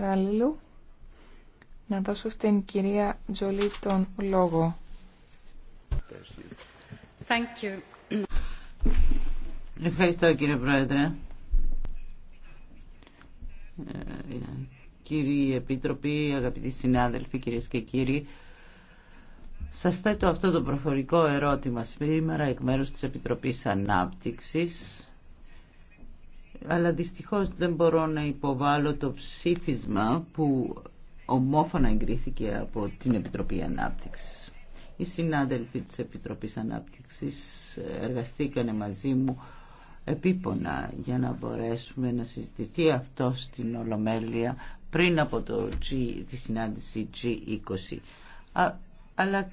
παραλλήλου να δώσω στην κυρία Τζολί τον λόγο. Thank you. Ευχαριστώ κύριε Πρόεδρε. Ε, κύριοι Επίτροποι, αγαπητοί συνάδελφοι, κυρίες και κύριοι, σας θέτω αυτό το προφορικό ερώτημα σήμερα εκ μέρους της Επιτροπής Ανάπτυξης αλλά δυστυχώς δεν μπορώ να υποβάλω το ψήφισμα που ομόφωνα εγκρίθηκε από την Επιτροπή Ανάπτυξης. Οι συνάδελφοι της Επιτροπής Ανάπτυξης εργαστήκανε μαζί μου επίπονα για να μπορέσουμε να συζητηθεί αυτό στην Ολομέλεια πριν από το G, τη συνάντηση G20. αλλά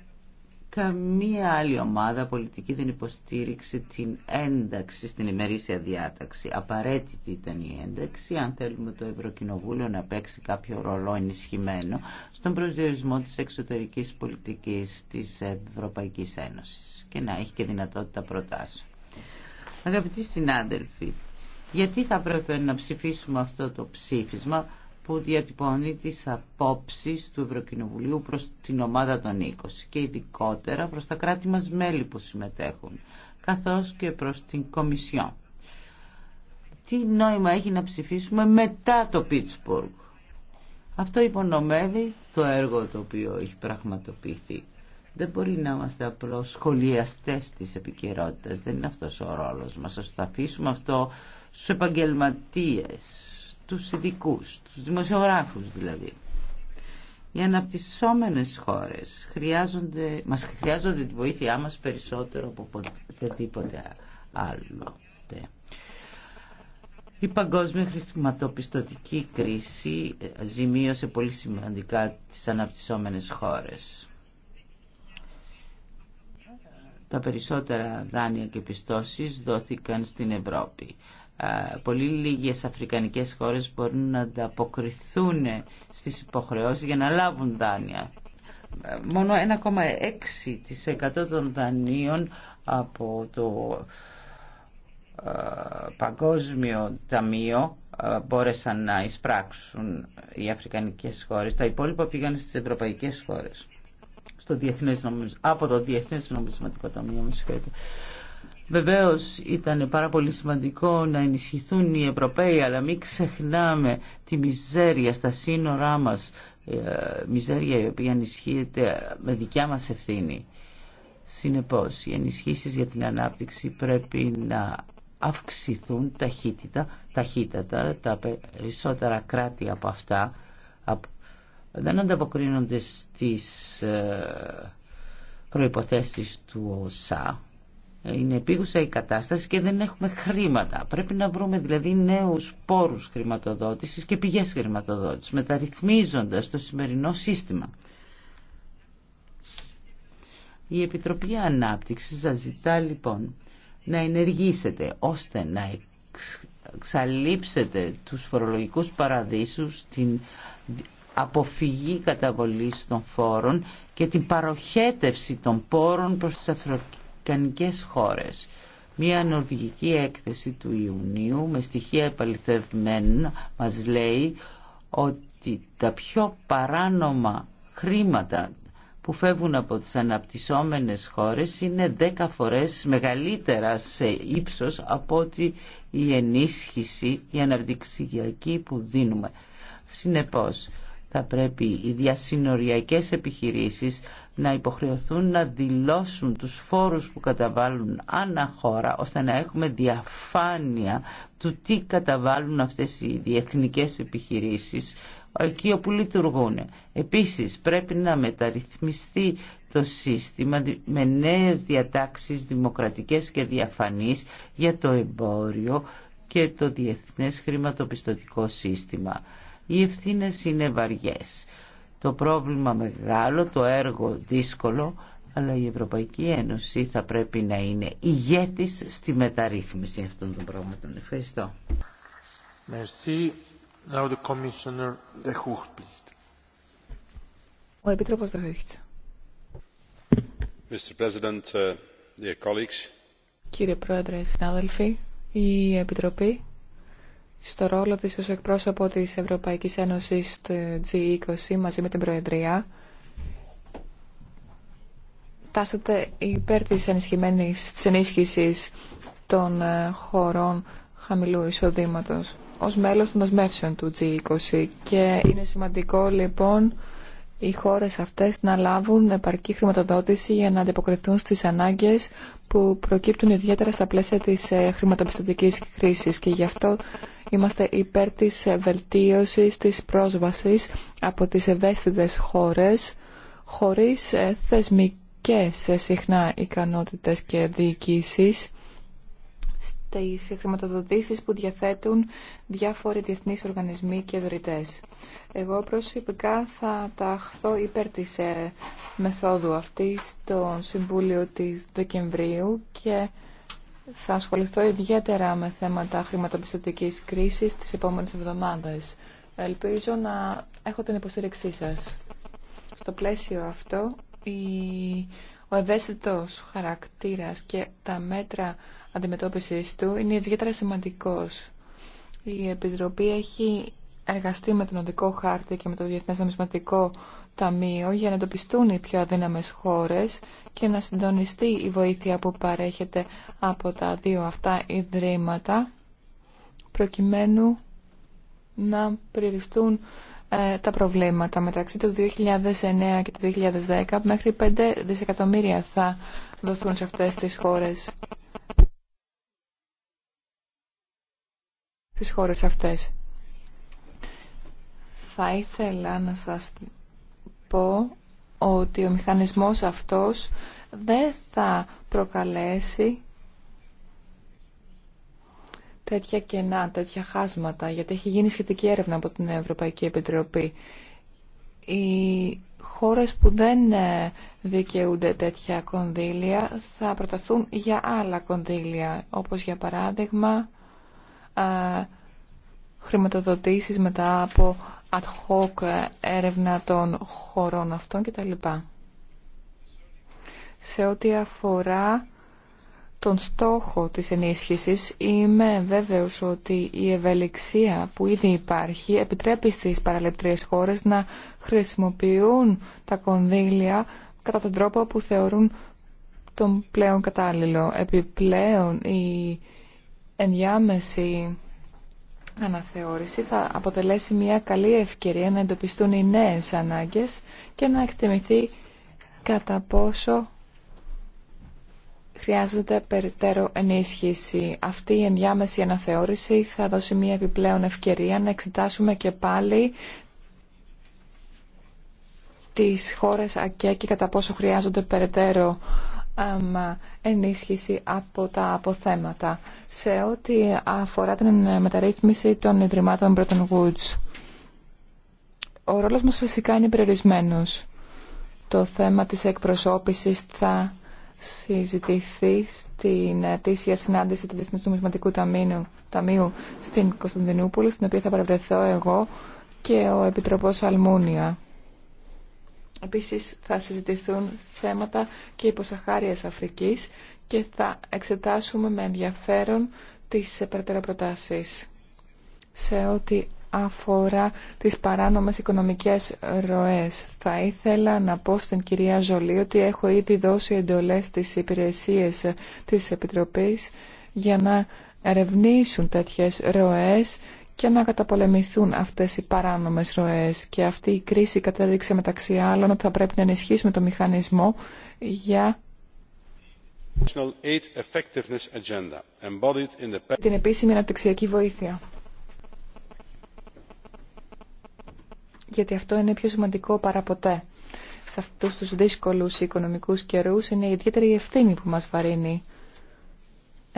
Καμία άλλη ομάδα πολιτική δεν υποστήριξε την ένταξη στην ημερήσια διάταξη. Απαραίτητη ήταν η ένταξη αν θέλουμε το Ευρωκοινοβούλιο να παίξει κάποιο ρολό ενισχυμένο στον προσδιορισμό της εξωτερικής πολιτικής της Ευρωπαϊκής Ένωσης και να έχει και δυνατότητα προτάσεων. Αγαπητοί συνάδελφοι, γιατί θα πρέπει να ψηφίσουμε αυτό το ψήφισμα που διατυπώνει τις απόψεις του Ευρωκοινοβουλίου προς την ομάδα των 20 και ειδικότερα προς τα κράτη μας μέλη που συμμετέχουν, καθώς και προς την Κομισιόν. Τι νόημα έχει να ψηφίσουμε μετά το Πίτσπουργκ. Αυτό υπονομεύει το έργο το οποίο έχει πραγματοποιηθεί. Δεν μπορεί να είμαστε απλώ σχολιαστέ τη επικαιρότητα. Δεν είναι αυτό ο ρόλο μα. Α το αφήσουμε αυτό στου επαγγελματίε τους ειδικού, τους δημοσιογράφους δηλαδή. Οι αναπτυσσόμενες χώρες χρειάζονται, μας χρειάζονται τη βοήθειά μας περισσότερο από οτιδήποτε άλλο. Η παγκόσμια χρηματοπιστωτική κρίση ε, ζημίωσε πολύ σημαντικά τις αναπτυσσόμενες χώρες. Τα περισσότερα δάνεια και πιστώσεις δόθηκαν στην Ευρώπη πολύ λίγες αφρικανικές χώρες μπορούν να ανταποκριθούν στις υποχρεώσεις για να λάβουν δάνεια. Ε, μόνο 1,6% των δανείων από το ε, Παγκόσμιο Ταμείο ε, μπόρεσαν να εισπράξουν οι αφρικανικές χώρες. Τα υπόλοιπα πήγαν στις ευρωπαϊκές χώρες. Στο διεθνές από το Διεθνές Νομισματικό Ταμείο, Βεβαίως ήταν πάρα πολύ σημαντικό να ενισχυθούν οι Ευρωπαίοι, αλλά μην ξεχνάμε τη μιζέρια στα σύνορά μας, ε, μιζέρια η οποία ενισχύεται με δικιά μας ευθύνη. Συνεπώ, οι ενισχύσεις για την ανάπτυξη πρέπει να αυξηθούν ταχύτητα, ταχύτατα, τα περισσότερα κράτη από αυτά δεν ανταποκρίνονται στις ε, προϋποθέσεις του ΩΣΑ είναι επίγουσα η κατάσταση και δεν έχουμε χρήματα. Πρέπει να βρούμε δηλαδή νέους πόρους χρηματοδότησης και πηγές χρηματοδότησης, μεταρρυθμίζοντας το σημερινό σύστημα. Η Επιτροπή Ανάπτυξης σας ζητά λοιπόν να ενεργήσετε ώστε να εξαλείψετε τους φορολογικούς παραδείσους, την αποφυγή καταβολής των φόρων και την παροχέτευση των πόρων προς τις βαλκανικές χώρες. Μία νορβηγική έκθεση του Ιουνίου με στοιχεία επαληθευμένα μας λέει ότι τα πιο παράνομα χρήματα που φεύγουν από τις αναπτυσσόμενες χώρες είναι 10 φορές μεγαλύτερα σε ύψος από ότι η ενίσχυση, η αναπτυξιακή που δίνουμε. Συνεπώς, θα πρέπει οι διασυνοριακές επιχειρήσεις να υποχρεωθούν να δηλώσουν τους φόρους που καταβάλουν χώρα, ώστε να έχουμε διαφάνεια του τι καταβάλουν αυτές οι διεθνικές επιχειρήσεις εκεί όπου λειτουργούν. Επίσης πρέπει να μεταρρυθμιστεί το σύστημα με νέες διατάξεις δημοκρατικές και διαφανείς για το εμπόριο και το διεθνές χρηματοπιστωτικό σύστημα. Οι ευθύνες είναι βαριές. Το πρόβλημα μεγάλο, το έργο δύσκολο, αλλά η Ευρωπαϊκή Ένωση θα πρέπει να είναι ηγέτης στη μεταρρύθμιση αυτών των πράγματων. Ευχαριστώ. Merci. Now the Commissioner De Hucht, please. Ο Επίτροπος De Hucht. Mr. President, uh, dear colleagues. Κύριε Πρόεδρε, συνάδελφοι, η Επιτροπή στο ρόλο της ως εκπρόσωπο της Ευρωπαϊκής Ένωσης του G20 μαζί με την Προεδρία τάσσεται υπέρ της ενισχυμένης ενίσχυσης των ε, χωρών χαμηλού εισοδήματος ως μέλος των δοσμεύσεων του G20 και είναι σημαντικό λοιπόν οι χώρες αυτές να λάβουν επαρκή χρηματοδότηση για να αντιποκριθούν στις ανάγκες που προκύπτουν ιδιαίτερα στα πλαίσια της ε, χρηματοπιστωτικής κρίσης και γι' αυτό Είμαστε υπέρ της βελτίωσης της πρόσβασης από τις ευαίσθητες χώρες χωρίς ε, θεσμικές ε, συχνά ικανότητες και διοικήσεις στις χρηματοδοτήσεις που διαθέτουν διάφοροι διεθνείς οργανισμοί και δωρητές. Εγώ προσωπικά θα ταχθώ υπέρ της ε, μεθόδου αυτής στο Συμβούλιο της Δεκεμβρίου και θα ασχοληθώ ιδιαίτερα με θέματα χρηματοπιστωτικής κρίσης τις επόμενες εβδομάδες. Ελπίζω να έχω την υποστήριξή σας. Στο πλαίσιο αυτό, ο ευαίσθητος χαρακτήρας και τα μέτρα αντιμετώπισης του είναι ιδιαίτερα σημαντικός. Η Επιτροπή έχει εργαστεί με τον οδικό χάρτη και με το Διεθνές Νομισματικό Ταμείο για να εντοπιστούν οι πιο αδύναμες χώρες και να συντονιστεί η βοήθεια που παρέχεται από τα δύο αυτά ιδρύματα προκειμένου να περιοριστούν ε, τα προβλήματα. Μεταξύ του 2009 και του 2010 μέχρι 5 δισεκατομμύρια θα δοθούν σε αυτές τις χώρες. Στις χώρες αυτές. Θα ήθελα να σας πω ότι ο μηχανισμός αυτός δεν θα προκαλέσει τέτοια κενά, τέτοια χάσματα, γιατί έχει γίνει σχετική έρευνα από την Ευρωπαϊκή Επιτροπή. Οι χώρες που δεν ε, δικαιούνται τέτοια κονδύλια θα προταθούν για άλλα κονδύλια, όπως για παράδειγμα ε, χρηματοδοτήσεις μετά από ad hoc ε, έρευνα των χωρών αυτών κτλ. Σε ό,τι αφορά τον στόχο της ενίσχυσης είμαι βέβαιος ότι η ευελιξία που ήδη υπάρχει επιτρέπει στις παραλεπτρίες χώρες να χρησιμοποιούν τα κονδύλια κατά τον τρόπο που θεωρούν τον πλέον κατάλληλο. Επιπλέον η ενδιάμεση αναθεώρηση θα αποτελέσει μια καλή ευκαιρία να εντοπιστούν οι νέες ανάγκες και να εκτιμηθεί κατά πόσο χρειάζεται περαιτέρω ενίσχυση. Αυτή η ενδιάμεση αναθεώρηση θα δώσει μια επιπλέον ευκαιρία να εξετάσουμε και πάλι τις χώρες ΑΚΕ και κατά πόσο χρειάζονται περαιτέρω ενίσχυση από τα αποθέματα σε ό,τι αφορά την μεταρρύθμιση των Ιδρυμάτων Bretton Woods. Ο ρόλος μας φυσικά είναι περιορισμένος. Το θέμα της εκπροσώπησης θα συζητηθεί στην ετήσια συνάντηση του Διεθνούς Νομισματικού Ταμείου, Ταμείου στην Κωνσταντινούπολη, στην οποία θα παρευρεθώ εγώ και ο Επιτροπός Αλμούνια. Επίσης θα συζητηθούν θέματα και υποσαχάριας Αφρικής και θα εξετάσουμε με ενδιαφέρον τις περαιτέρω προτάσεις σε ό,τι αφορά τις παράνομες οικονομικές ροές. Θα ήθελα να πω στην κυρία Ζολή ότι έχω ήδη δώσει εντολές στις υπηρεσίες της Επιτροπής για να ερευνήσουν τέτοιες ροές και να καταπολεμηθούν αυτές οι παράνομες ροές. Και αυτή η κρίση κατέληξε μεταξύ άλλων ότι θα πρέπει να ενισχύσουμε το μηχανισμό για την επίσημη αναπτυξιακή βοήθεια. Γιατί αυτό είναι πιο σημαντικό παρά ποτέ. Σε αυτούς τους δύσκολους οικονομικούς καιρούς είναι η ιδιαίτερη ευθύνη που μας βαρύνει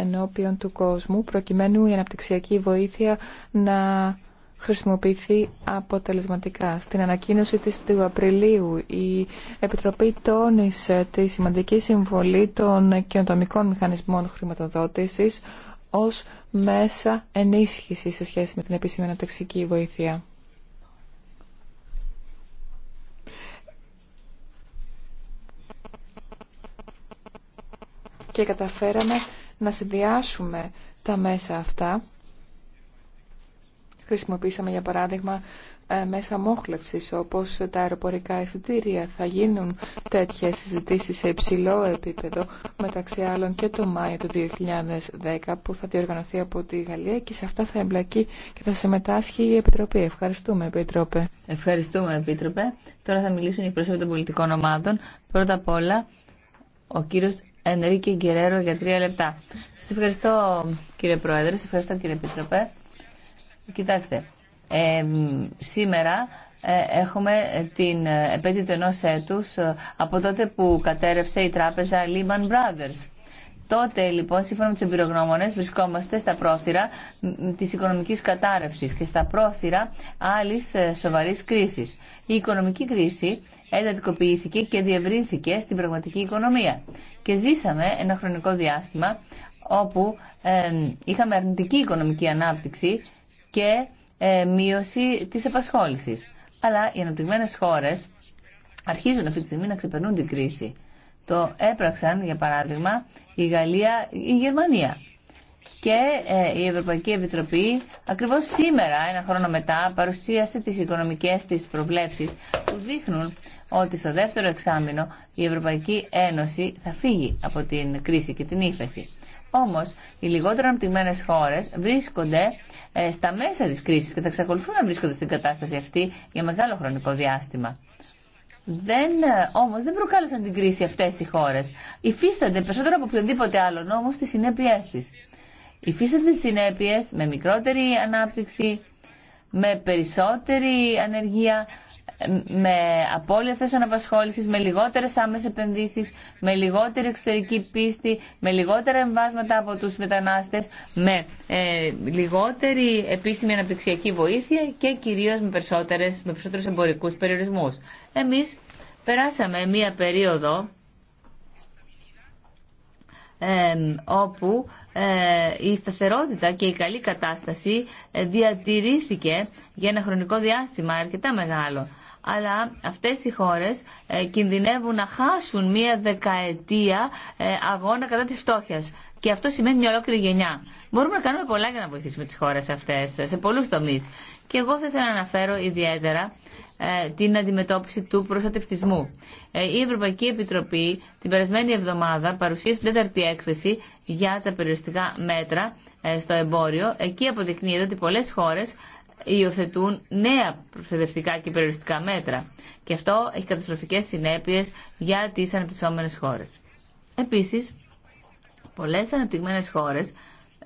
ενώπιον του κόσμου προκειμένου η αναπτυξιακή βοήθεια να χρησιμοποιηθεί αποτελεσματικά. Στην ανακοίνωση της του Απριλίου η Επιτροπή τόνισε τη σημαντική συμβολή των καινοτομικών μηχανισμών χρηματοδότησης ως μέσα ενίσχυσης σε σχέση με την επίσημη αναπτυξιακή βοήθεια. Και καταφέραμε να συνδυάσουμε τα μέσα αυτά. Χρησιμοποίησαμε για παράδειγμα ε, μέσα μόχλευσης όπως τα αεροπορικά εισιτήρια θα γίνουν τέτοιες συζητήσεις σε υψηλό επίπεδο μεταξύ άλλων και το Μάιο του 2010 που θα διοργανωθεί από τη Γαλλία και σε αυτά θα εμπλακεί και θα συμμετάσχει η Επιτροπή. Ευχαριστούμε Επίτροπε. Ευχαριστούμε Επίτροπε. Τώρα θα μιλήσουν οι πρόσωποι των πολιτικών ομάδων. Πρώτα απ' όλα ο κύριος Ενρίκη Γκερέρο για τρία λεπτά. Σα ευχαριστώ κύριε Πρόεδρε, σας ευχαριστώ κύριε Επίτροπε. Κοιτάξτε, ε, σήμερα έχουμε την επέτειο ενό έτου ε, από τότε που κατέρευσε η τράπεζα Lehman Brothers Τότε λοιπόν, σύμφωνα με του εμπειρογνώμονε, βρισκόμαστε στα πρόθυρα τη οικονομική κατάρρευση και στα πρόθυρα άλλη ε, σοβαρή κρίση. Η οικονομική κρίση εντατικοποιήθηκε και διευρύνθηκε στην πραγματική οικονομία. Και ζήσαμε ένα χρονικό διάστημα όπου είχαμε αρνητική οικονομική ανάπτυξη και ε, μείωση της απασχόλησης. Αλλά οι αναπτυγμένες χώρες αρχίζουν αυτή τη στιγμή να ξεπερνούν την κρίση. Το έπραξαν, για παράδειγμα, η Γαλλία ή η Γερμανία. Και ε, η Ευρωπαϊκή Επιτροπή ακριβώς σήμερα, ένα χρόνο μετά, παρουσίασε τις οικονομικές της προβλέψεις που δείχνουν ότι στο δεύτερο εξάμεινο η Ευρωπαϊκή Ένωση θα φύγει από την κρίση και την ύφεση. Όμως, οι λιγότερο αναπτυγμένες χώρες βρίσκονται ε, στα μέσα της κρίσης και θα εξακολουθούν να βρίσκονται στην κατάσταση αυτή για μεγάλο χρονικό διάστημα. Δεν, ε, όμως δεν προκάλεσαν την κρίση αυτές οι χώρες. Υφίστανται περισσότερο από οποιονδήποτε άλλο νόμο τις συνέπειές της. Υφίστανται τις συνέπειες με μικρότερη ανάπτυξη, με περισσότερη ανεργία, με απώλεια θέσεων απασχόληση, με λιγότερε άμεσε επενδύσει, με λιγότερη εξωτερική πίστη, με λιγότερα εμβάσματα από του μετανάστε, με ε, λιγότερη επίσημη αναπτυξιακή βοήθεια και κυρίω με, περισσότερες, με περισσότερου εμπορικού περιορισμού. Εμεί περάσαμε μία περίοδο όπου ε, η σταθερότητα και η καλή κατάσταση ε, διατηρήθηκε για ένα χρονικό διάστημα αρκετά μεγάλο αλλά αυτές οι χώρες ε, κινδυνεύουν να χάσουν μία δεκαετία ε, αγώνα κατά της φτώχειας. Και αυτό σημαίνει μια ολόκληρη γενιά. Μπορούμε να κάνουμε πολλά για να βοηθήσουμε τις χώρες αυτές ε, σε πολλούς τομείς. Και εγώ θα ήθελα να αναφέρω ιδιαίτερα την αντιμετώπιση του προστατευτισμού. Η Ευρωπαϊκή Επιτροπή την περασμένη εβδομάδα παρουσίασε την τέταρτη έκθεση για τα περιοριστικά μέτρα στο εμπόριο. Εκεί αποδεικνύεται ότι πολλές χώρες υιοθετούν νέα προστατευτικά και περιοριστικά μέτρα. Και αυτό έχει καταστροφικές συνέπειες για τις αναπτυσσόμενες χώρες. Επίσης, πολλές αναπτυγμένε χώρες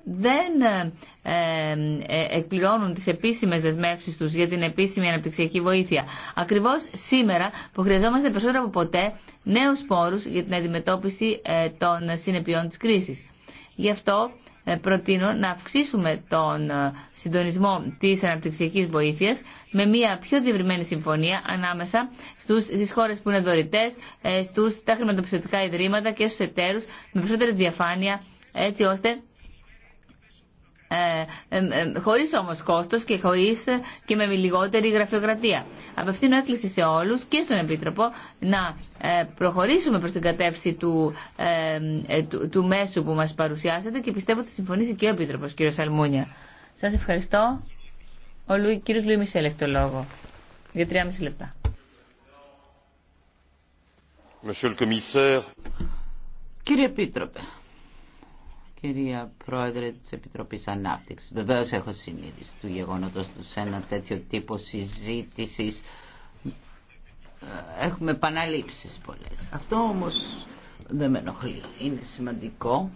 δεν ε, ε, ε, εκπληρώνουν τις επίσημες δεσμεύσεις τους για την επίσημη αναπτυξιακή βοήθεια. Ακριβώς σήμερα που χρειαζόμαστε περισσότερο από ποτέ νέους πόρους για την αντιμετώπιση των συνεπειών της κρίσης. Γι' αυτό ε, προτείνω να αυξήσουμε τον ε, συντονισμό της αναπτυξιακής βοήθειας με μια πιο διευρυμένη συμφωνία ανάμεσα στους, στις χώρες που είναι δωρητές, ε, στους, τα χρηματοπιστωτικά ιδρύματα και στους εταίρους με περισσότερη διαφάνεια έτσι ώστε ε, ε, ε, Χωρί όμω κόστο και, χωρίς, και με λιγότερη γραφειοκρατία. Απευθύνω έκκληση σε όλους και στον Επίτροπο να προχωρήσουμε προς την κατεύθυνση του, του, μέσου που μας παρουσιάσατε και πιστεύω ότι θα συμφωνήσει και ο επίτροπο κύριο Σαλμούνια. Σας ευχαριστώ. Ο Λου, κύριος Λουί Μισελ έχει το λόγο. Για τρία μισή λεπτά. Κύριε Επίτροπε, Κυρία Πρόεδρε της Επιτροπής Ανάπτυξης, βεβαίως έχω συνείδηση του γεγονότος του σε ένα τέτοιο τύπο συζήτησης. Ε, έχουμε επαναλήψεις πολλές. Αυτό όμως δεν με ενοχλεί. Είναι σημαντικό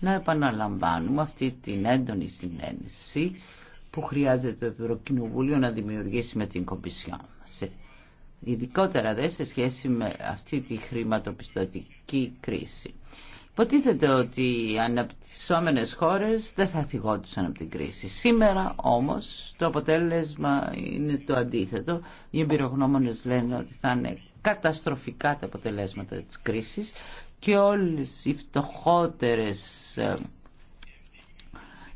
να επαναλαμβάνουμε αυτή την έντονη συνένεση που χρειάζεται το Ευρωκοινοβούλιο να δημιουργήσει με την Κομπισιόν. Ε, ειδικότερα δε σε σχέση με αυτή τη χρηματοπιστωτική κρίση. Υποτίθεται ότι οι αναπτυσσόμενες χώρες δεν θα θυγόντουσαν από την κρίση. Σήμερα όμως το αποτέλεσμα είναι το αντίθετο. Οι εμπειρογνώμονες λένε ότι θα είναι καταστροφικά τα αποτελέσματα της κρίσης και όλες οι φτωχότερες ε,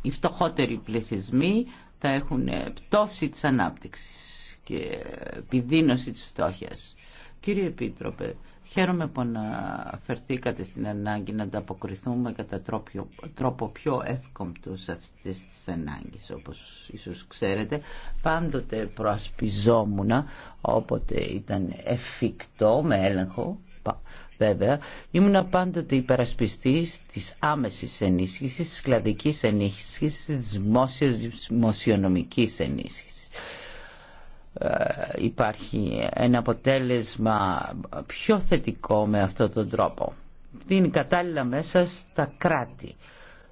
οι φτωχότεροι πληθυσμοί θα έχουν πτώση της ανάπτυξης και επιδείνωση της φτώχειας. Κύριε Επίτροπε, Χαίρομαι που αναφερθήκατε στην ανάγκη να ανταποκριθούμε κατά τρόπο, τρόπο πιο εύκομπτο σε αυτές τις ανάγκες. Όπως ίσως ξέρετε, πάντοτε προασπιζόμουνα, όποτε ήταν εφικτό με έλεγχο βέβαια, ήμουνα πάντοτε υπερασπιστής της άμεσης ενίσχυσης, της κλαδικής ενίσχυσης, της δημοσιονομικής ενίσχυσης. Ε, υπάρχει ένα αποτέλεσμα πιο θετικό με αυτόν τον τρόπο. Είναι κατάλληλα μέσα στα κράτη.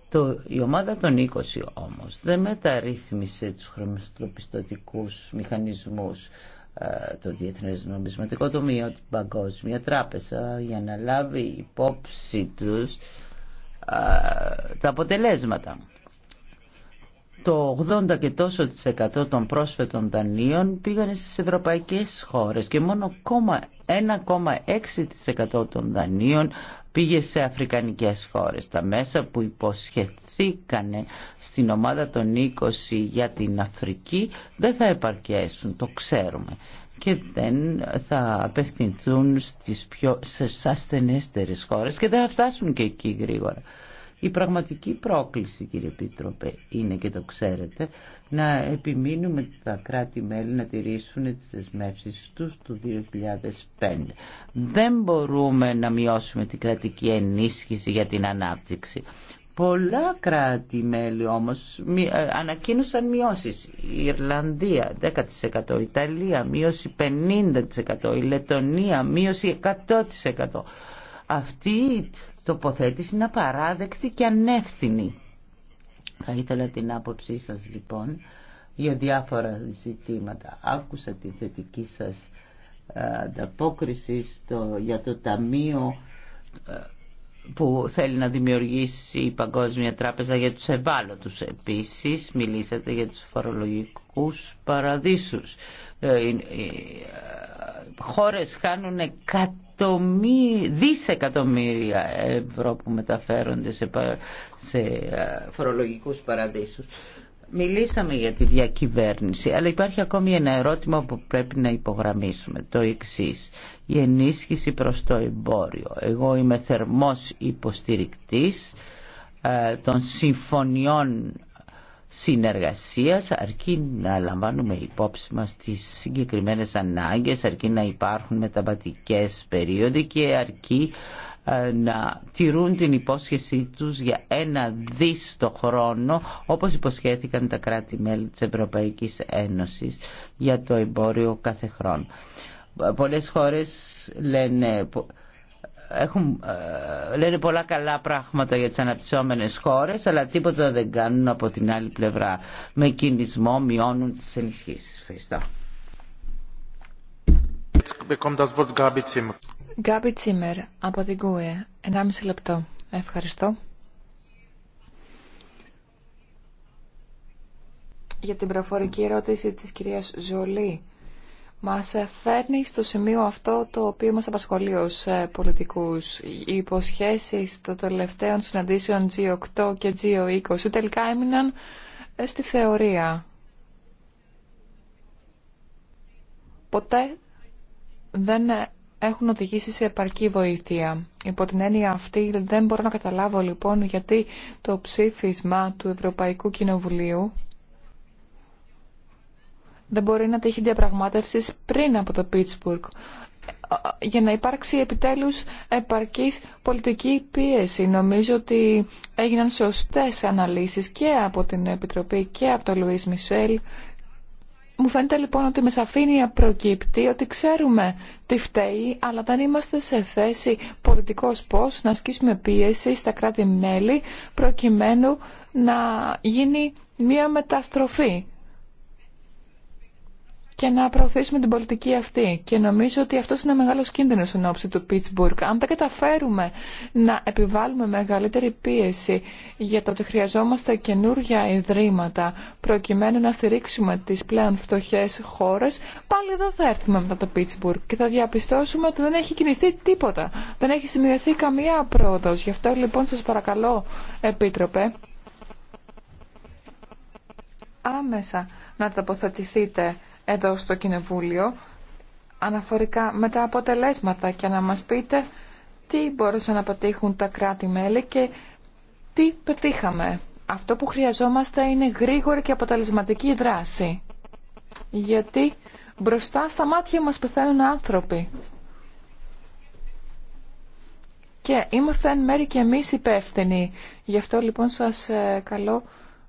Το, η ομάδα των 20 όμως δεν μεταρρύθμισε τους χρηματοπιστωτικούς μηχανισμούς ε, το Διεθνές Νομισματικό Τομείο, την Παγκόσμια Τράπεζα για να λάβει υπόψη τους ε, τα αποτελέσματα το 80 και τόσο των πρόσφετων δανείων πήγανε στις ευρωπαϊκές χώρες και μόνο 1,6% των δανείων πήγε σε αφρικανικές χώρες. Τα μέσα που υποσχεθήκανε στην ομάδα των 20 για την Αφρική δεν θα επαρκέσουν, το ξέρουμε και δεν θα απευθυνθούν στις πιο στις ασθενέστερες χώρες και δεν θα φτάσουν και εκεί γρήγορα. Η πραγματική πρόκληση, κύριε Πίτροπε, είναι και το ξέρετε, να επιμείνουμε τα κράτη-μέλη να τηρήσουν τις δεσμεύσεις τους του 2005. Δεν μπορούμε να μειώσουμε την κρατική ενίσχυση για την ανάπτυξη. Πολλά κράτη-μέλη όμως ε, ανακοίνωσαν μειώσεις. Η Ιρλανδία 10%, η Ιταλία μείωση 50%, η Λετωνία μείωση 100%. Αυτή τοποθέτηση να απαράδεκτη και ανεύθυνη. Θα ήθελα την άποψή σας λοιπόν για διάφορα ζητήματα. Άκουσα τη θετική σας ε, ανταπόκριση στο, για το Ταμείο ε, που θέλει να δημιουργήσει η Παγκόσμια Τράπεζα για τους ευάλωτους. Επίσης μιλήσατε για τους φορολογικούς παραδείσους. Ε, χώρες χάνουν δισεκατομμύρια ευρώ που μεταφέρονται σε, σε φορολογικούς παραδείσους. Μιλήσαμε για τη διακυβέρνηση, αλλά υπάρχει ακόμη ένα ερώτημα που πρέπει να υπογραμμίσουμε, το εξή: Η ενίσχυση προς το εμπόριο. Εγώ είμαι θερμός υποστηρικτής των συμφωνιών συνεργασίας αρκεί να λαμβάνουμε υπόψη μας τις συγκεκριμένες ανάγκες, αρκεί να υπάρχουν μεταβατικές περίοδοι και αρκεί ε, να τηρούν την υπόσχεσή τους για ένα δις χρόνο όπως υποσχέθηκαν τα κράτη-μέλη της Ευρωπαϊκής Ένωσης για το εμπόριο κάθε χρόνο. Πολλές χώρες λένε έχουν, ε, λένε πολλά καλά πράγματα για τις αναπτυσσόμενες χώρες αλλά τίποτα δεν κάνουν από την άλλη πλευρά. Με κινησμό μειώνουν τις ενισχύσεις. Ευχαριστώ. Γκάμπι Τσίμερ από την ΚΟΕ. 1,5 λεπτό. Ευχαριστώ. Για την προφορική ερώτηση της κυρίας Ζολή μας φέρνει στο σημείο αυτό το οποίο μας απασχολεί ως ε, πολιτικούς. Οι υποσχέσεις των τελευταίων συναντήσεων G8 και G20 τελικά έμειναν ε, στη θεωρία. Ποτέ δεν ε, έχουν οδηγήσει σε επαρκή βοήθεια. Υπό την έννοια αυτή δεν μπορώ να καταλάβω λοιπόν γιατί το ψήφισμα του Ευρωπαϊκού Κοινοβουλίου δεν μπορεί να τύχει διαπραγμάτευσης πριν από το Πίτσμπουργκ ε, για να υπάρξει επιτέλους επαρκής πολιτική πίεση. Νομίζω ότι έγιναν σωστές αναλύσεις και από την Επιτροπή και από τον Λουίς Μισελ. Μου φαίνεται λοιπόν ότι με σαφήνεια προκύπτει ότι ξέρουμε τι φταίει, αλλά δεν είμαστε σε θέση πολιτικός πώς να ασκήσουμε πίεση στα κράτη-μέλη προκειμένου να γίνει μια μεταστροφή και να προωθήσουμε την πολιτική αυτή. Και νομίζω ότι αυτό είναι ένα μεγάλο κίνδυνο εν ώψη του Πίτσμπουργκ. Αν δεν καταφέρουμε να επιβάλλουμε μεγαλύτερη πίεση για το ότι χρειαζόμαστε καινούργια ιδρύματα προκειμένου να στηρίξουμε τι πλέον φτωχέ χώρε, πάλι εδώ θα έρθουμε μετά το Πίτσμπουργκ και θα διαπιστώσουμε ότι δεν έχει κινηθεί τίποτα. Δεν έχει σημειωθεί καμία πρόοδο. Γι' αυτό λοιπόν σα παρακαλώ, Επίτροπε, άμεσα να τοποθετηθείτε εδώ στο Κοινοβούλιο αναφορικά με τα αποτελέσματα και να μας πείτε τι μπορούσαν να πετύχουν τα κράτη-μέλη και τι πετύχαμε. Αυτό που χρειαζόμαστε είναι γρήγορη και αποτελεσματική δράση. Γιατί μπροστά στα μάτια μας πεθαίνουν άνθρωποι. Και είμαστε εν μέρη και εμείς υπεύθυνοι. Γι' αυτό λοιπόν σας ε, καλώ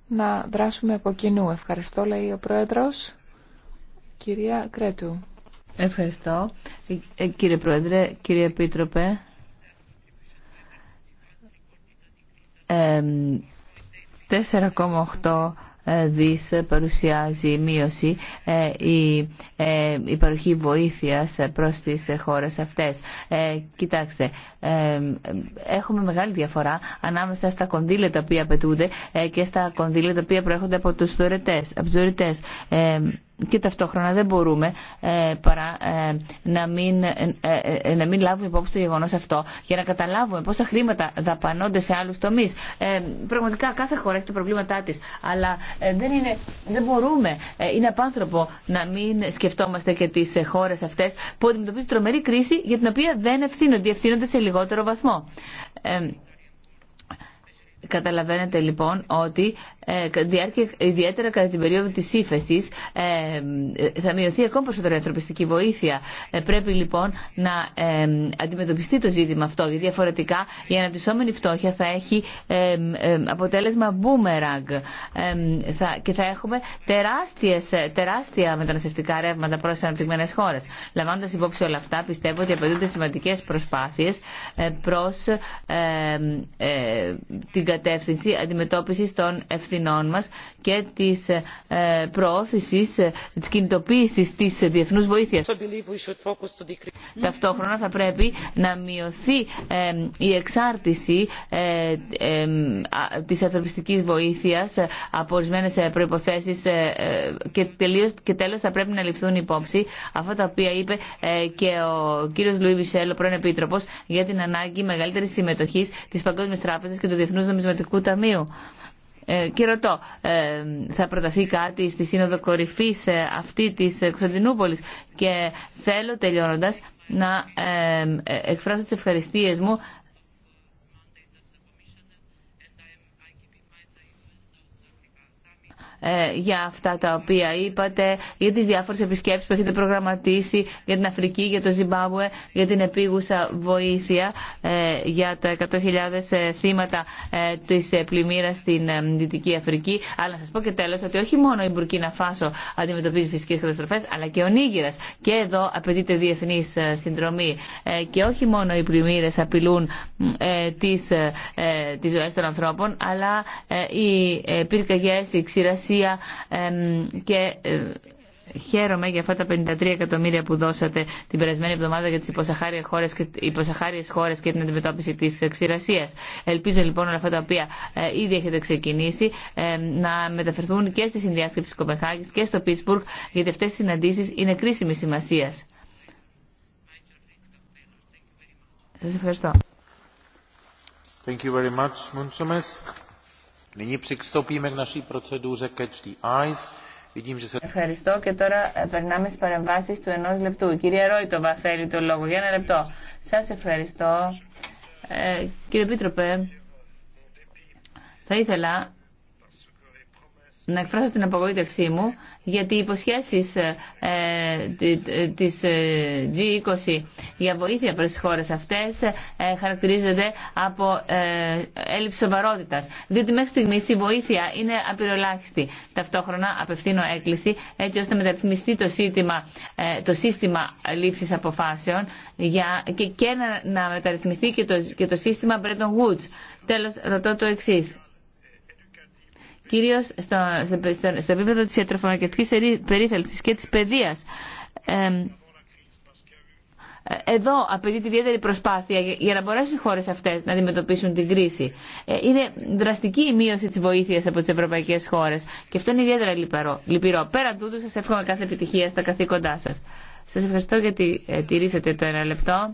να δράσουμε από κοινού. Ευχαριστώ λέει ο Πρόεδρος. Κυρία Κρέτου. Ευχαριστώ. Ε, κύριε Πρόεδρε, κύριε Επίτροπε. Ε, 4,8 δις παρουσιάζει μείωση ε, η, ε, η παροχή βοήθειας προς τις χώρες αυτές. Κοιτάξτε, έχουμε μεγάλη διαφορά ανάμεσα στα κονδύλια τα οποία απαιτούνται και στα κονδύλια τα οποία προέρχονται από τους δωρετές. Από τους δωρετές και ταυτόχρονα δεν μπορούμε ε, παρά ε, να, μην, ε, ε, να μην λάβουμε υπόψη το γεγονό αυτό για να καταλάβουμε πόσα χρήματα δαπανώνται σε άλλου τομεί. πραγματικά κάθε χώρα έχει τα προβλήματά τη, αλλά δεν, είναι, δεν μπορούμε, είναι απάνθρωπο να μην σκεφτόμαστε και τι ε, χώρε αυτέ που αντιμετωπίζουν τρομερή κρίση για την οποία δεν ευθύνονται, ευθύνονται σε λιγότερο βαθμό. Καταλαβαίνετε λοιπόν ότι ε, ιδιαίτερα κατά την περίοδο της ύφεση ε, ε, θα μειωθεί ακόμα περισσότερο η ανθρωπιστική βοήθεια. Πρέπει λοιπόν να αντιμετωπιστεί το ζήτημα αυτό, γιατί διαφορετικά η αναπτυσσόμενη φτώχεια θα έχει αποτέλεσμα boomerang και θα έχουμε τεράστιες, τεράστια μεταναστευτικά ρεύματα προς τις αναπτυγμένες χώρες. Λαμβάνοντας υπόψη όλα αυτά, πιστεύω ότι απαιτούνται σημαντικές προσπάθειες προς την κατεύθυνση αντιμετώπισης των ευθύνων ευθυνών μας και της ε, προώθησης ε, της κινητοποίησης της διεθνούς βοήθειας. Ταυτόχρονα θα πρέπει να μειωθεί η εξάρτηση ε, της ανθρωπιστικής βοήθειας από ορισμένε προϋποθέσεις και, τελείως, και τέλος θα πρέπει να ληφθούν υπόψη αυτά τα οποία είπε και ο κύριος Λουί Μισελ, ο πρώην Επίτροπος, για την ανάγκη μεγαλύτερης συμμετοχής της Παγκόσμιας Τράπεζας και του Διεθνούς Νομισματικού Ταμείου. Ε, και ρωτώ, ε, θα προταθεί κάτι στη Σύνοδο Κορυφή ε, αυτή τη Κωνσταντινούπολη. Και θέλω τελειώνοντα να εκφράσω τι ευχαριστίε μου Ε, για αυτά τα οποία είπατε, για τις διάφορες επισκέψεις που έχετε προγραμματίσει για την Αφρική, για το Ζιμπάμπουε, για την επίγουσα βοήθεια ε, για τα 100.000 ε, θύματα της πλημμύρας στην Δυτική Αφρική. Αλλά να σας πω και τέλος ότι όχι μόνο η Μπουρκίνα Φάσο αντιμετωπίζει φυσικές καταστροφές, αλλά και ο Νίγηρας. Και εδώ απαιτείται διεθνής συνδρομή. Και όχι μόνο οι πλημμύρες απειλούν τις ζωές των ανθρώπων, αλλά οι πυρκαγιές, και ε, χαίρομαι για αυτά τα 53 εκατομμύρια που δώσατε την περασμένη εβδομάδα για τις υποσαχάριες χώρες και, υποσαχάριες χώρες και την αντιμετώπιση της ξηρασίας. Ελπίζω λοιπόν όλα αυτά τα οποία ε, ήδη έχετε ξεκινήσει ε, να μεταφερθούν και στη συνδιάσκεψη της Κοπεχάγης και στο Πίτσμπουργκ γιατί αυτές οι συναντήσεις είναι κρίσιμη σημασία. Σας ευχαριστώ. Thank you very much. Ευχαριστώ και τώρα ε, περνάμε στις παρεμβάσεις του ενός λεπτού. Η κυρία Ρόιτοβα θέλει το λόγο. Για ένα λεπτό. Σας ευχαριστώ. Ε, κύριε Πίτροπε, θα ήθελα να εκφράσω την απογοήτευσή μου γιατί οι υποσχέσεις ε, τη ε, ε, G20 για βοήθεια προς τις χώρες αυτές χαρακτηρίζονται από έλλειψη σοβαρότητα. Διότι μέχρι στιγμή η βοήθεια είναι απειροελάχιστη. Ταυτόχρονα απευθύνω έκκληση έτσι ώστε να μεταρρυθμιστεί το σύστημα, το σύστημα λήψης αποφάσεων για, και, να, να μεταρρυθμιστεί και το, και το σύστημα Bretton Woods. Τέλο ρωτώ το εξή κυρίω στο, στο, στο επίπεδο τη ιατροφαρμακευτική περίθαλψη και τη παιδεία. Ε, εδώ απαιτείται ιδιαίτερη προσπάθεια για να μπορέσουν οι χώρε αυτέ να αντιμετωπίσουν την κρίση. Ε, είναι δραστική η μείωση τη βοήθεια από τι ευρωπαϊκέ χώρε και αυτό είναι ιδιαίτερα λυπηρό. λυπηρό. Πέραν τούτου, σα εύχομαι κάθε επιτυχία στα καθήκοντά σα. Σα ευχαριστώ γιατί ε, τηρήσατε το ένα λεπτό.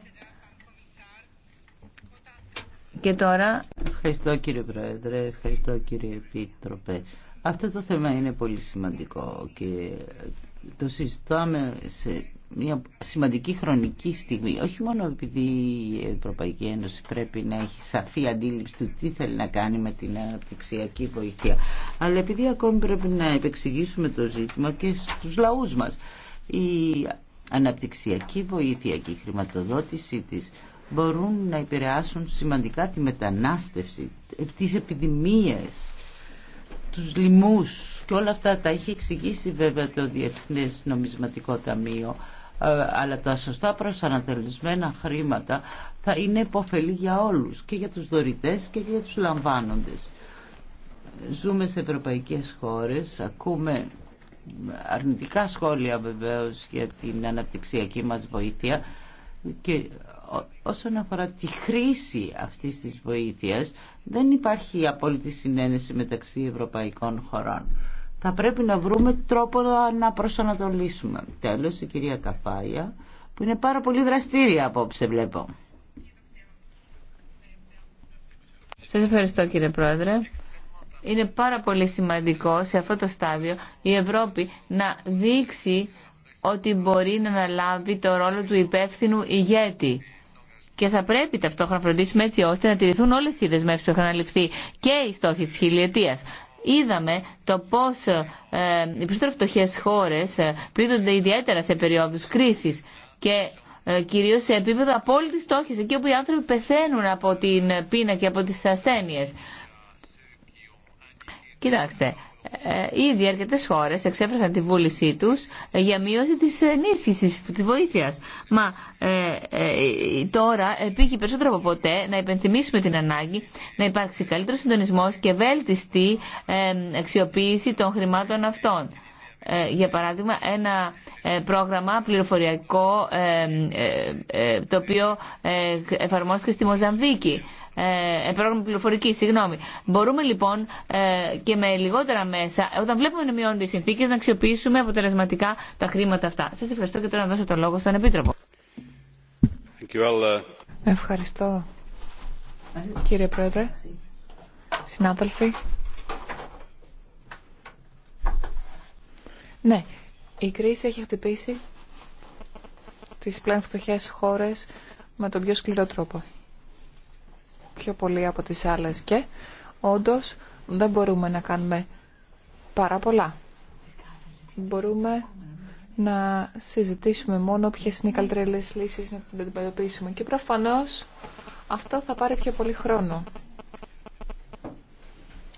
Και τώρα... Ευχαριστώ κύριε Πρόεδρε, ευχαριστώ κύριε Επίτροπε. Αυτό το θέμα είναι πολύ σημαντικό και το συζητάμε σε μια σημαντική χρονική στιγμή. Όχι μόνο επειδή η Ευρωπαϊκή Ένωση πρέπει να έχει σαφή αντίληψη του τι θέλει να κάνει με την αναπτυξιακή βοήθεια, αλλά επειδή ακόμη πρέπει να επεξηγήσουμε το ζήτημα και στους λαούς μας. Η αναπτυξιακή βοήθεια και η χρηματοδότησή της μπορούν να επηρεάσουν σημαντικά τη μετανάστευση, τις επιδημίες, τους λοιμούς και όλα αυτά τα έχει εξηγήσει βέβαια το Διεθνές Νομισματικό Ταμείο ε, αλλά τα σωστά προσανατελισμένα χρήματα θα είναι υποφελή για όλους και για τους δωρητές και για τους λαμβάνοντες. Ζούμε σε ευρωπαϊκές χώρες, ακούμε αρνητικά σχόλια βεβαίως για την αναπτυξιακή μας βοήθεια και όσον αφορά τη χρήση αυτής της βοήθειας δεν υπάρχει απόλυτη συνένεση μεταξύ ευρωπαϊκών χωρών. Θα πρέπει να βρούμε τρόπο να προσανατολίσουμε. Τέλος, η κυρία Καφάια, που είναι πάρα πολύ δραστήρια απόψε βλέπω. Σας ευχαριστώ κύριε Πρόεδρε. Είναι πάρα πολύ σημαντικό σε αυτό το στάδιο η Ευρώπη να δείξει ότι μπορεί να αναλάβει το ρόλο του υπεύθυνου ηγέτη και θα πρέπει ταυτόχρονα να φροντίσουμε έτσι ώστε να τηρηθούν όλε οι δεσμεύσει που έχουν αναλυφθεί και οι στόχοι τη χιλιετία. Είδαμε το πώ ε, οι περισσότερε φτωχέ χώρε ε, πλήττονται ιδιαίτερα σε περιόδου κρίση και ε, κυρίω σε επίπεδο απόλυτη στόχη, εκεί όπου οι άνθρωποι πεθαίνουν από την πείνα και από τι ασθένειε. Κοιτάξτε, ε, ε, ήδη αρκετέ χώρε εξέφρασαν τη βούλησή του ε, για μείωση της ενίσχυση, τη βοήθειας. Μα τώρα επίκει περισσότερο από ποτέ να υπενθυμίσουμε την ανάγκη να υπάρξει καλύτερο συντονισμός και βέλτιστη αξιοποίηση των χρημάτων αυτών. Για παράδειγμα, ένα πρόγραμμα πληροφοριακό το οποίο εφαρμόστηκε στη Μοζαμβίκη ε, ε, πρόγραμμα πληροφορική, συγγνώμη. Μπορούμε λοιπόν ε, και με λιγότερα μέσα, όταν βλέπουμε να μειώνονται οι συνθήκε, να αξιοποιήσουμε αποτελεσματικά τα χρήματα αυτά. Σα ευχαριστώ και τώρα να δώσω το λόγο στον Επίτροπο. Ευχαριστώ. Κύριε Πρόεδρε, συνάδελφοι. Ναι, η κρίση έχει χτυπήσει τις πλέον φτωχές χώρες με τον πιο σκληρό τρόπο πιο πολύ από τις άλλες και όντως δεν μπορούμε να κάνουμε πάρα πολλά. Μπορούμε να συζητήσουμε μόνο ποιε είναι οι καλύτερε λύσει να την αντιμετωπίσουμε και προφανώ αυτό θα πάρει πιο πολύ χρόνο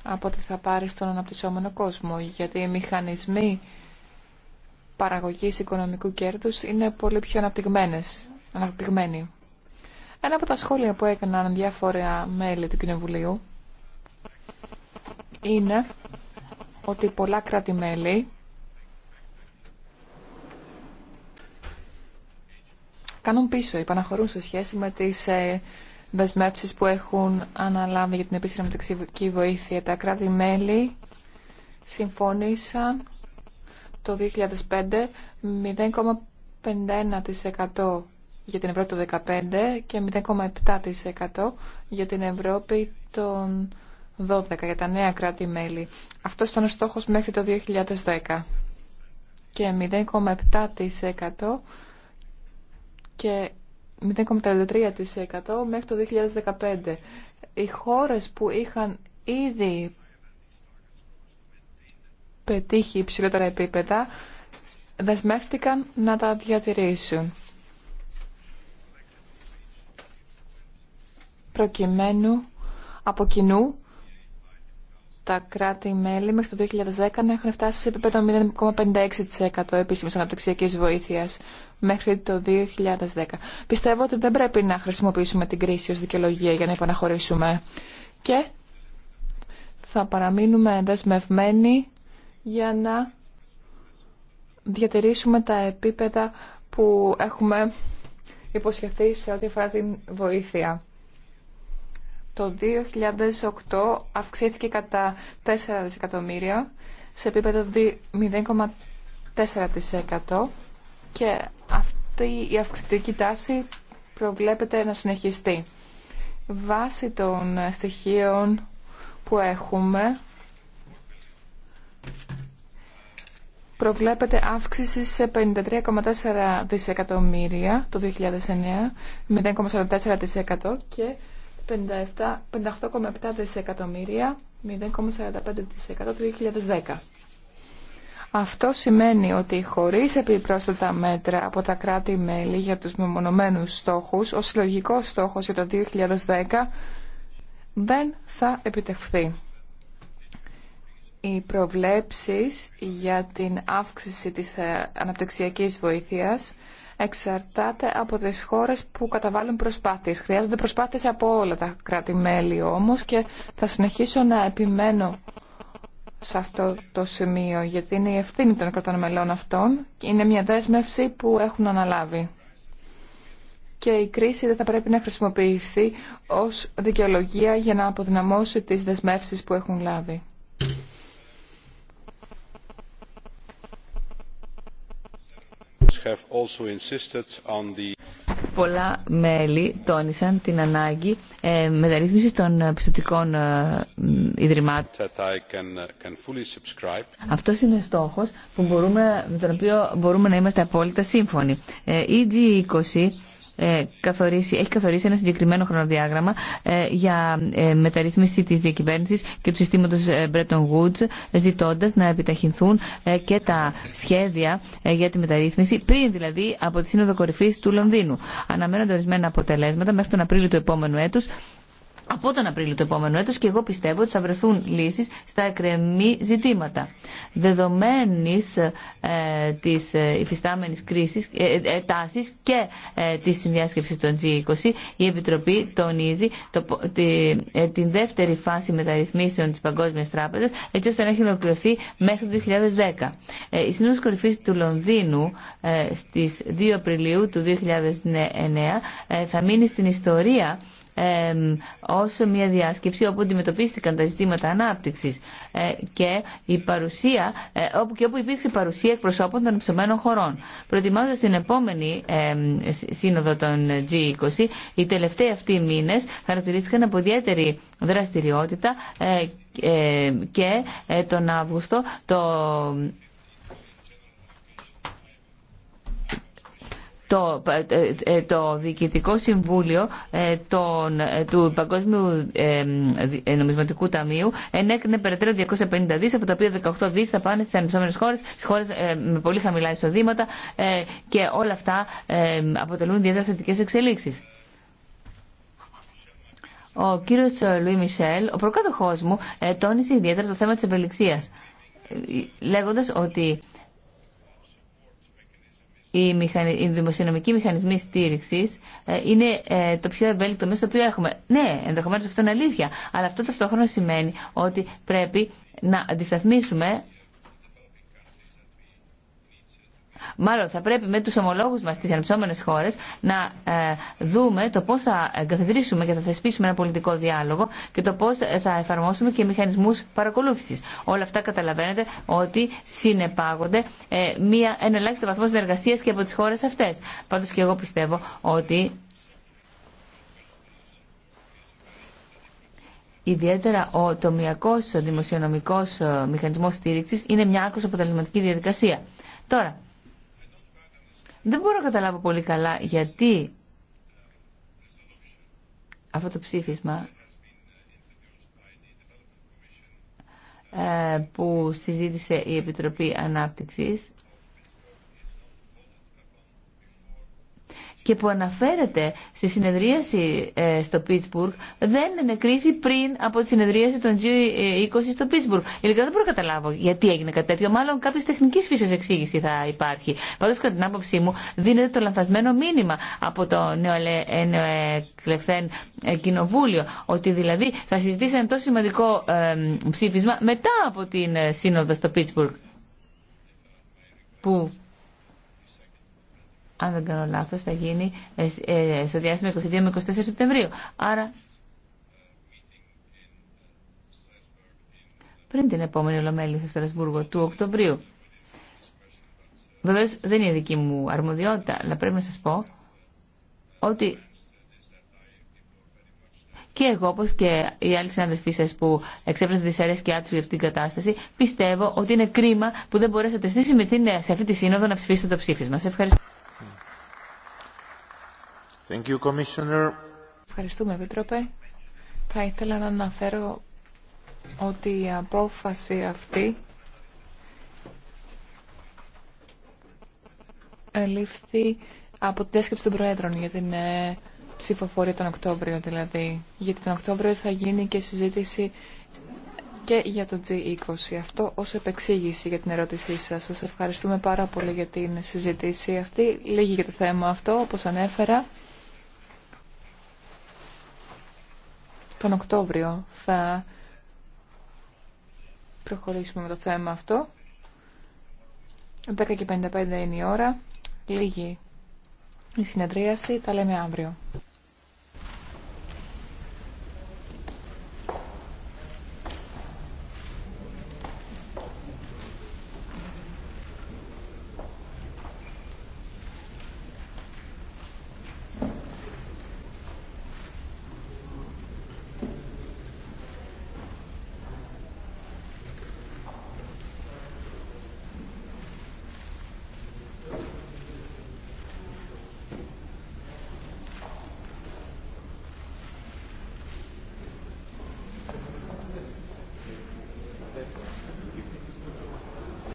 από ό,τι θα πάρει στον αναπτυσσόμενο κόσμο γιατί οι μηχανισμοί παραγωγής οικονομικού κέρδους είναι πολύ πιο αναπτυγμένοι. Ένα από τα σχόλια που έκαναν διάφορα μέλη του Κοινοβουλίου είναι ότι πολλά κράτη-μέλη κάνουν πίσω, υπαναχωρούν σε σχέση με τις ε, δεσμεύσεις που έχουν αναλάβει για την επίσημη μεταξυβική βοήθεια. Τα κράτη-μέλη συμφώνησαν το 2005 0,51% για την Ευρώπη το 15 και 0,7% για την Ευρώπη των 12, για τα νέα κράτη-μέλη. Αυτό ήταν ο στόχος μέχρι το 2010 και 0,7% και 0,33% μέχρι το 2015. Οι χώρες που είχαν ήδη πετύχει υψηλότερα επίπεδα δεσμεύτηκαν να τα διατηρήσουν. προκειμένου από κοινού τα κράτη-μέλη μέχρι το 2010 να έχουν φτάσει σε επίπεδο 0,56% επίσημης αναπτυξιακής βοήθειας μέχρι το 2010. Πιστεύω ότι δεν πρέπει να χρησιμοποιήσουμε την κρίση ως δικαιολογία για να επαναχωρήσουμε και θα παραμείνουμε δεσμευμένοι για να διατηρήσουμε τα επίπεδα που έχουμε υποσχεθεί σε ό,τι αφορά την βοήθεια. Το 2008 αυξήθηκε κατά 4 δισεκατομμύρια σε επίπεδο 0,4% και αυτή η αυξητική τάση προβλέπεται να συνεχιστεί. Βάσει των στοιχείων που έχουμε, προβλέπεται αύξηση σε 53,4 δισεκατομμύρια το 2009, 0,44% και 58,7 δισεκατομμύρια, 0,45% του 2010. Αυτό σημαίνει ότι χωρίς επιπρόσθετα μέτρα από τα κράτη-μέλη για τους μεμονωμένους στόχους, ο συλλογικός στόχος για το 2010 δεν θα επιτευχθεί. Οι προβλέψεις για την αύξηση της ε, αναπτυξιακής βοήθειας εξαρτάται από τις χώρες που καταβάλουν προσπάθειες. Χρειάζονται προσπάθειες από όλα τα κράτη-μέλη όμως και θα συνεχίσω να επιμένω σε αυτό το σημείο γιατί είναι η ευθύνη των κρατών μελών αυτών και είναι μια δέσμευση που έχουν αναλάβει. Και η κρίση δεν θα πρέπει να χρησιμοποιηθεί ως δικαιολογία για να αποδυναμώσει τις δεσμεύσεις που έχουν λάβει. Πολλά μέλη τόνισαν την ανάγκη ε, μεταρρύθμισης των ε, πιστοτικών ε, ιδρυμάτων. Uh, Αυτό είναι ο στόχος που μπορούμε, με τον οποίο μπορούμε να είμαστε απόλυτα σύμφωνοι. Ε, EG20 ε, καθορίσει, έχει καθορίσει ένα συγκεκριμένο χρονοδιάγραμμα ε, για ε, μεταρρύθμιση της διακυβέρνησης και του συστήματος Bretton Woods ζητώντας να επιταχυνθούν και τα σχέδια για τη μεταρρύθμιση πριν δηλαδή από τη Σύνοδο Κορυφής του Λονδίνου. Αναμένονται ορισμένα αποτελέσματα μέχρι τον Απρίλιο του επόμενου έτους από τον Απρίλιο του επόμενου έτους και εγώ πιστεύω ότι θα βρεθούν λύσεις στα εκρεμή ζητήματα. Δεδομένης ε, της ε, υφιστάμενης κρίσης, ε, ε, και ε, της συνδιάσκεψης των G20, η Επιτροπή τονίζει το, τη, την δεύτερη φάση μεταρρυθμίσεων της Παγκόσμιας Τράπεζας, έτσι ώστε να έχει ολοκληρωθεί μέχρι το 2010. η Σύνοδος Κορυφής του Λονδίνου στις 2 Απριλίου του 2009 θα μείνει στην ιστορία ε, μια διάσκεψη όπου αντιμετωπίστηκαν τα ζητήματα ανάπτυξης ε, και η παρουσία, ε, όπου και όπου υπήρξε παρουσία εκπροσώπων των υψωμένων χωρών. Προετοιμάζοντα την επόμενη σύνοδο των G20, οι τελευταίοι αυτοί μήνες χαρακτηρίστηκαν από ιδιαίτερη δραστηριότητα ε, και τον Αύγουστο το το, ε, ε, το Διοικητικό Συμβούλιο ε, του Παγκόσμιου Νομισματικού Ταμείου ενέκρινε περαιτέρω 250 δις, από τα οποία 18 δις θα πάνε στις ανεψόμενες χώρες, στις χώρες με πολύ χαμηλά εισοδήματα και όλα αυτά αποτελούν ιδιαίτερα θετικές εξελίξεις. Ο κύριος Λουί Μισελ, ο προκάτοχός μου, τόνισε ιδιαίτερα το θέμα της ευελιξίας, λέγοντας ότι οι, μηχανι... οι δημοσιονομικοί μηχανισμοί στήριξη ε, είναι ε, το πιο ευέλικτο μέσο το οποίο έχουμε. Ναι, ενδεχομένω αυτό είναι αλήθεια. Αλλά αυτό ταυτόχρονα σημαίνει ότι πρέπει να αντισταθμίσουμε Μάλλον θα πρέπει με τους ομολόγους μας στις ανεψόμενες χώρες να ε, δούμε το πώς θα εγκαθιδρύσουμε και θα θεσπίσουμε ένα πολιτικό διάλογο και το πώς θα εφαρμόσουμε και μηχανισμούς παρακολούθησης. Όλα αυτά καταλαβαίνετε ότι συνεπάγονται ε, μία, ένα ελάχιστο βαθμό συνεργασία και από τις χώρες αυτές. Πάντως και εγώ πιστεύω ότι Ιδιαίτερα ο τομιακό δημοσιονομικό μηχανισμό στήριξη είναι μια άκρο αποτελεσματική διαδικασία. Τώρα, δεν μπορώ να καταλάβω πολύ καλά γιατί αυτό το ψήφισμα ε, που συζήτησε η Επιτροπή Ανάπτυξης και που αναφέρεται στη συνεδρίαση ε, στο Πίτσμπουργκ δεν ενεκρίθη πριν από τη συνεδρίαση των G20 στο Πίτσμπουργκ. Ειλικρινά δεν μπορώ να καταλάβω γιατί έγινε κάτι τέτοιο. Μάλλον κάποια τεχνική φύσεω εξήγηση θα υπάρχει. Πάντω, κατά την άποψή μου, δίνεται το λανθασμένο μήνυμα από το ε, νεοεκλεχθέν ε, κοινοβούλιο. Ότι δηλαδή θα συζητήσει ένα τόσο σημαντικό ψήφισμα μετά από την σύνοδο στο Πίτσμπουργκ αν δεν κάνω λάθο θα γίνει ε, ε, στο διάστημα 22 με 24 Σεπτεμβρίου. Άρα, πριν την επόμενη Ολομέλη στο Στρασβούργο του Οκτωβρίου. Βεβαίω δεν είναι δική μου αρμοδιότητα, αλλά πρέπει να σα πω ότι και εγώ, όπω και οι άλλοι συναδελφοί σα που εξέφρασαν τη δυσαρέσκειά του για αυτήν την κατάσταση, πιστεύω ότι είναι κρίμα που δεν μπορέσατε στη συμμετείνα σε αυτή τη σύνοδο να ψηφίσετε το ψήφισμα. Σε ευχαριστώ. Ευχαριστούμε, Επίτροπε. Θα ήθελα να αναφέρω ότι η απόφαση αυτή λήφθη από τη διάσκεψη των Προέδρων για την ε, ψηφοφορία τον Οκτώβριο δηλαδή. Γιατί τον Οκτώβριο θα γίνει και συζήτηση και για το G20. Αυτό ως επεξήγηση για την ερώτησή σας. Σας ευχαριστούμε πάρα πολύ για την συζήτηση αυτή. Λίγη για το θέμα αυτό, όπως ανέφερα. τον Οκτώβριο θα προχωρήσουμε με το θέμα αυτό. 10.55 είναι η ώρα. Λίγη η συνεδρίαση. Τα λέμε αύριο.